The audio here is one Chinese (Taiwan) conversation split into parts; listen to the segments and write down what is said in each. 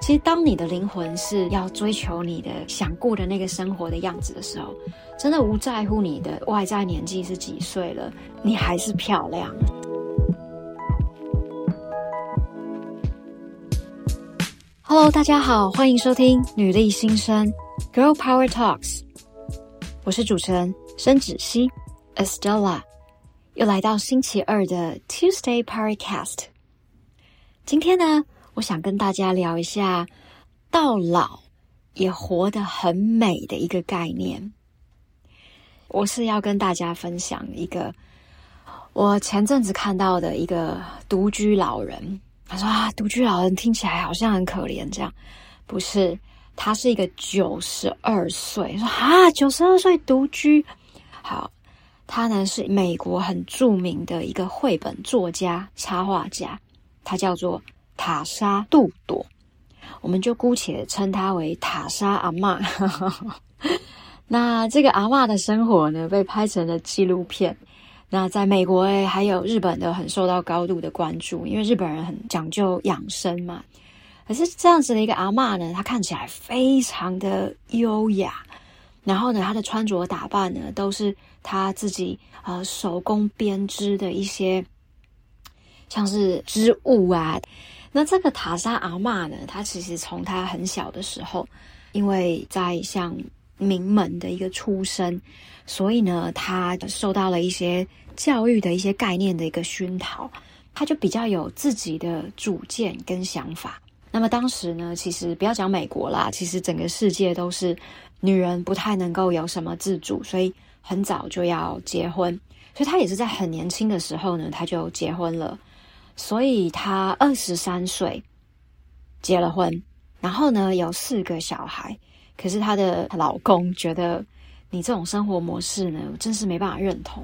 其實，當你的靈魂是要追求你的想過的那個生活的樣子的時候，真的無在乎你的外在年紀是幾歲了，你還是漂亮。Hello，大家好，歡迎收聽《女力新生》（Girl Power Talks），我是主持人申芷曦。Estella，又來到星期二的 Tuesday PowerCast。今天呢，我想跟大家聊一下到老也活得很美的一個概念。我是要跟大家分享一個我前陣子看到的一個獨居老人。他說啊，獨居老人聽起來好像很可憐，這樣不是？他是一個九十二歲，說啊，九十二歲獨居。好，他呢是美國很著名的一個繪本作家、插畫家，他叫做。塔莎杜朵，我們就姑且稱她為塔莎阿嬤。 那這個阿嬤的生活呢，被拍成了紀錄片。那在美國，還有日本的，很受到高度的關注，因為日本人很講究養生嘛。可是這樣子的一個阿嬤呢，她看起來非常的優雅。然後呢，她的穿着打扮呢，都是她自己呃手工編織的一些，像是織物啊。那這個塔莎阿嬤呢，她其實從她很小的時候，因為在像名門的一個出身，所以呢，她受到了一些教育的一些概念的一個熏陶她就比較有自己的主見跟想法。那麼當時呢，其實不要講美國啦，其實整個世界都是女人不太能夠有什麼自主，所以很早就要結婚。所以她也是在很年輕的時候呢，她就結婚了。所以他二十三歲結了婚，然後呢，有四個小孩，可是她的老公覺得你這種生活模式呢，真是沒辦法認同，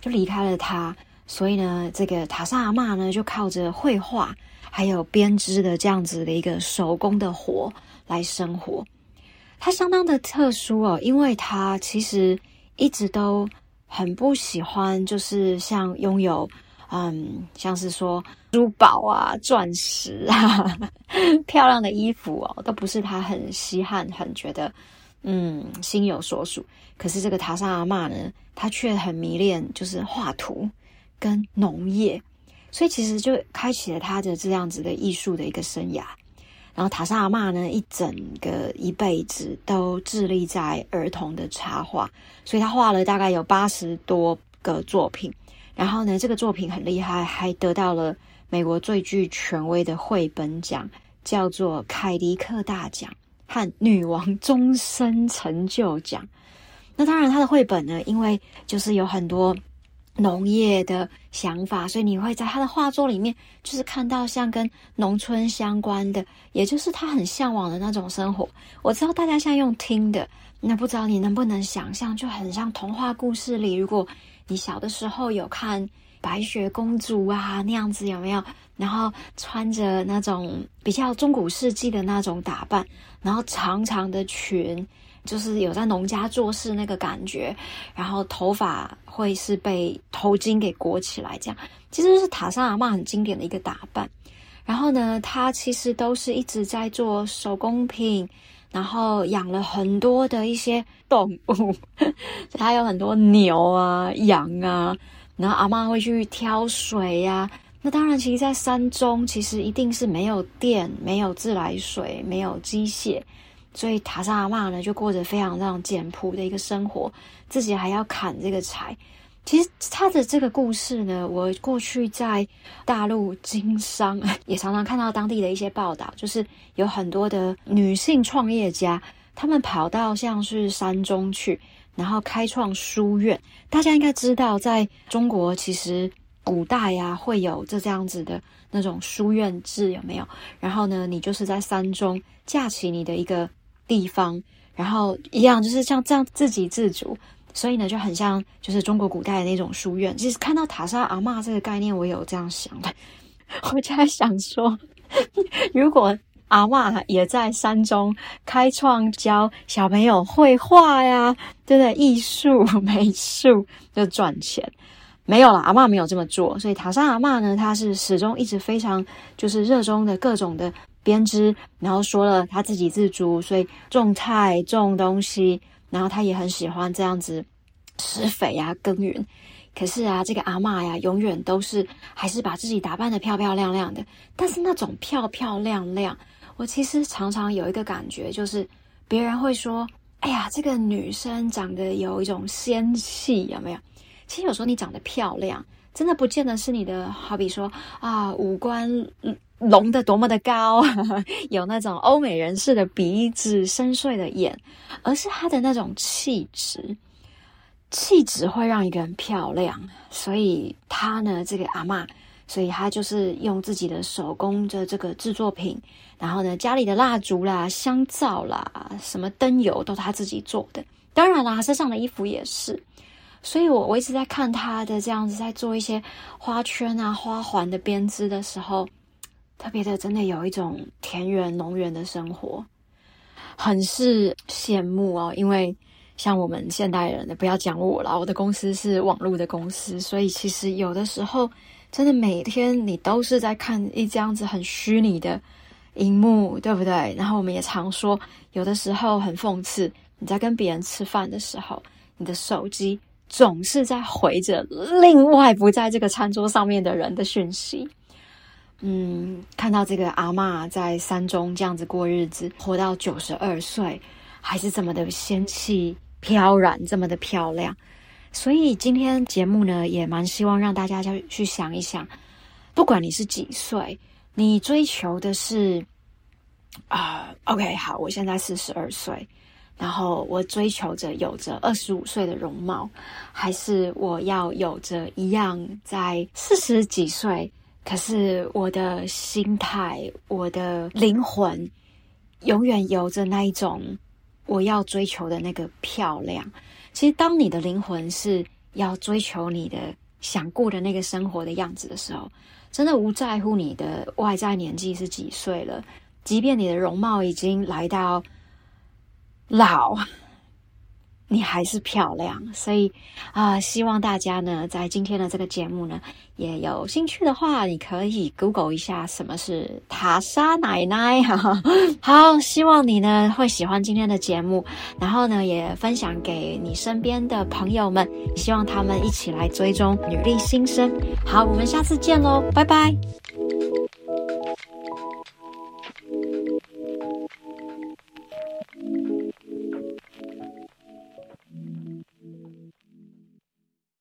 就離開了他，所以呢，這個塔莎阿嬤呢，就靠着繪畫還有編織的這樣子的一個手工的活來生活。他相當的特殊哦，因為他其實一直都很不喜歡，就是像擁有。嗯，像是說珠寶啊、鑽石啊呵呵、漂亮的衣服哦，都不是他很稀罕，很覺得嗯心有所屬。可是這個塔莎阿嬤呢，他卻很迷戀，就是畫圖跟農業，所以其實就開啟了他的這樣子的藝術的一個生涯。然後塔莎阿嬤呢，一整個一輩子都致力在兒童的插畫，所以他畫了大概有八十多個作品。然後呢，這個作品很厲害，還得到了美國最具權威的繪本獎，叫做凱迪克大獎和女王終身成就獎。那當然，他的繪本呢，因為就是有很多農業的想法，所以你會在他的畫作裡面，就是看到像跟農村相關的，也就是他很向往的那種生活。我知道大家現在用聽的，那不知道你能不能想象，就很像童話故事裡，如果。你小的時候有看白雪公主啊，那樣子有沒有？然後穿着那種比較中古世紀的那種打扮，然後長長的裙，就是有在農家做事那個感覺，然後頭髮會是被頭巾給裹起來這樣，其實是塔莎阿嬤很經典的一個打扮。然後呢，她其實都是一直在做手工品。然後養了很多的一些動物，還有很多牛啊、羊啊。然後阿嬤會去挑水呀、啊。那當然，其實，在山中，其實一定是沒有電、沒有自來水、沒有機械，所以塔莎阿嬤呢，就過着非常這種簡樸的一個生活，自己還要砍這個柴。其實他的這個故事呢，我過去在大陸經商，也常常看到當地的一些報道，就是有很多的女性創業家，她們跑到像是山中去，然後開創書院。大家應該知道，在中國其實古代呀，會有這這樣子的那種書院制，有沒有？然後呢，你就是在山中架起你的一個地方，然後一樣，就是像這樣自給自足。所以呢，就很像就是中國古代的那種書院。其實看到塔莎阿嬤這個概念，我有這樣想的。我就在想說，如果阿嬤也在山中開創教小朋友繪畫呀，真的，藝術、美術就賺錢，沒有啦。阿嬤沒有這麼做，所以塔莎阿嬤呢，她是始終一直非常就是熱衷的各種的編織，然後說了她自給自足，所以種菜、種東西。然後他也很喜歡這樣子施肥呀、耕耘。可是啊，這個阿嬤呀，永遠都是還是把自己打扮得漂漂亮亮的。但是那種漂漂亮亮，我其實常常有一個感覺，就是別人會說：“哎呀，這個女生長得有一種仙氣，有沒有？”其實有時候你長得漂亮。真的不見得是你的，好比說啊，五官隆得多麼的高， 有那種歐美人士的鼻子、深邃的眼，而是他的那種氣質，氣質會讓一個人漂亮。所以他呢，這個阿媽，所以他就是用自己的手工的這個製作品，然後呢，家裡的蠟燭啦、香皂啦、什麼燈油都是他自己做的。當然啦，身上的衣服也是。所以我，我我一直在看他的這樣子，在做一些花圈啊、花環的編織的時候，特別的，真的有一種田園農園的生活，很是羨慕哦。因為像我們現代人的，的不要講我了，我的公司是網絡的公司，所以其實有的時候，真的每天你都是在看一這樣子很虛擬的熒幕，對不對？然後我們也常說，有的時候很諷刺，你在跟別人吃飯的時候，你的手機。總是在回着另外不在這個餐桌上面的人的訊息。嗯，看到這個阿嬤在山中這樣子過日子，活到九十二歲，還是這麼的仙氣飄然，這麼的漂亮。所以今天節目呢，也蠻希望讓大家去去想一想，不管你是幾歲，你追求的是啊，呃，OK，好，我現在四十二歲。然後我追求着有着二十五歲的容貌，還是我要有着一樣在四十幾歲，可是我的心態、我的靈魂，永遠有着那一種我要追求的那個漂亮。其實，當你的靈魂是要追求你的想過的那個生活的樣子的時候，真的不在乎你的外在年紀是幾歲了，即便你的容貌已經來到。老，你還是漂亮，所以啊，呃，希望大家呢，在今天的這個節目呢，也有興趣的話，你可以 Google 一下什麼是塔莎奶奶哈。 好，希望你呢會喜歡今天的節目，然後呢也分享給你身邊的朋友們，希望他們一起來追蹤女力新生。好，我們下次見嘍，拜拜。